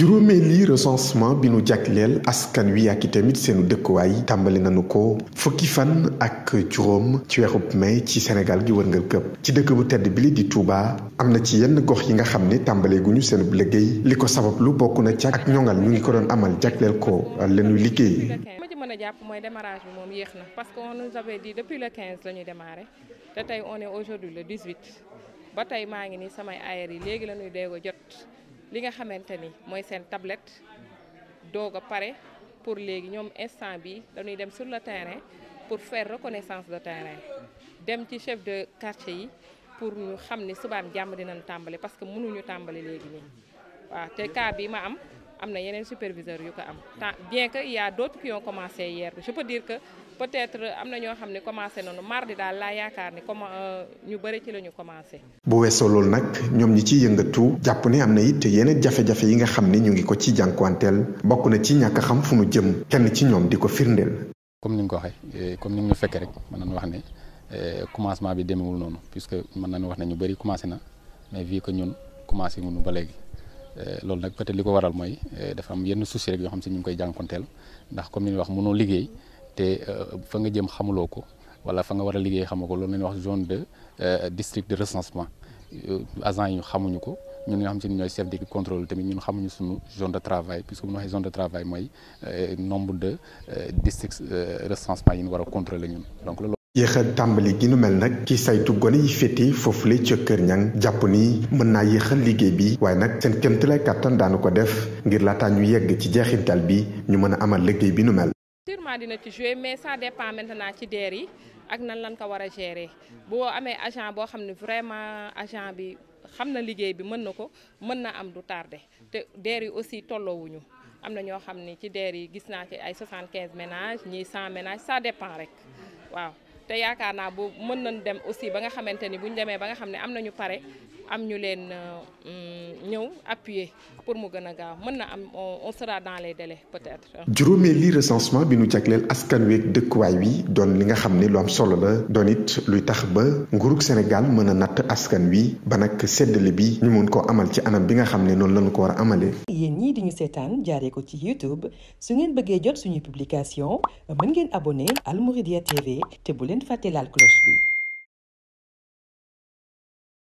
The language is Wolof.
juróomee lii recensement bi nu jagleel askan wi ak tamit seenu dëkkuwaay tàmbali nañu ko fukki fan ak juróom ci weerub mai ci senegal gi nga këpp ci dëkk bu tedd bi li di Touba am na ci yenn gox yi nga xam ne tàmbalee ñu seenub liggéey li ko sabab lu bokk na ci ak ñoŋal ñu ngi ko doon amal jagleel ko leenu liggéey mën a jàpp mooy démarrage bi moom yéex na parce que on nous avait depuis le 15 la ñuy te tey on est ba tey maa ngi nii samay aér li nga xamante ni mooy seen tablette doog a pare pour léegi ñoom instant bi dañuy dem sur le terrain pour faire reconnaissance de terrain dem ci chef de quartier yi pour ñu xam ni subaam jàmm dinañ tàmbali parce que mënuñu tàmbali léegi nii waaw te cas bi ma am am na yeneen superviseur yu ko am tant bien que y dootu d'autres qui ont commencé hier je peux dire que peut-être am na ñoo xam ne commencé nañu mardi daal laa yaakaar ni comme euh, ñu bëri ci la ñu commencé. bu weesoo loolu nag ñoom ñi ciy yëngatu jàpp ne am na it yenn jafe-jafe yi nga xam ne ñu ngi ko ci jànkuwanteel bokk na ci ñàkk xam fu nu jëm kenn ci ñoom di ko firndeel. comme ni nga ko waxee eh, comme ni nga ñu fekkee rek mën nañu wax ne eh, commencement bi demewul noonu puisque mën na nañu wax ne ñu bëri commencé na mais vu que ñun commencé wuñu ba léegi. Eh, loolu nag peut li ko waral mooy dafa am yenn souci yoo xam si ñu ngi koy jànkonteel ndax comme ni ñu wax mënoo liggéey te euh, fa nga jëm xamuloo ko wala fa nga war a liggéey xamoo ko loolu la ñuy wax zone de euh, district de recensement euh, agent yi xamuñu ko ñun nga xam si ne ñooy tamit ñun xamuñu suñu zone de travail puisque bu ñu waxee zone de travail mooy nombre de districts recensement yi ñu war a contrôler ñun donc loolu. yéex a tàmbali gi nu mel nag ci saytu gone yi féete foofule ca Kër ñan jàpp ni mën naa yéexal liggéey bi waaye nag seen kéemtalaay kàttan daanu ko def ngir laataa ñu yegg ci jeexintal bi ñu mën a amal liggéey bi sûrement dina ci jouer mais ça dépend maintenant ci DER yi ak nan lan ko war a gérer boo amee agent boo xam ne vraiment agent bi xam na liggéey bi mën na ko mën na am du tardé te DER yi aussi tolloowuñu am na ñoo xam ne ci DER yi gis naa ci ay soixante 75 ménages ñii 100 ménages ça dépend rek waaw te yaakaar naa bu mën nañ dem aussi ba nga xamante ni buñ demee ba nga xam ne am nañu pare am ñu leen euh, mm, ñëw appuyer pour mu gën a gaaw mën na am on sera dans les délais peut-être. juróomee lii recensement bi nu jagleel askan weeg dëkkuwaay wi doon li nga xam ne lu am solo la doon it luy tax ba nguurug Sénégal mën a natt askan wi ba nag seddale bi ñu mun koo amal ci anam bi nga xam ne noonu lañu ko war a amalee. yéen ñii di ñu seetaan jaaree ko ci YouTube su ngeen bëggee jot publication mën ngeen Al Mouridiyyah leen ngeen fàtte laal cloche bi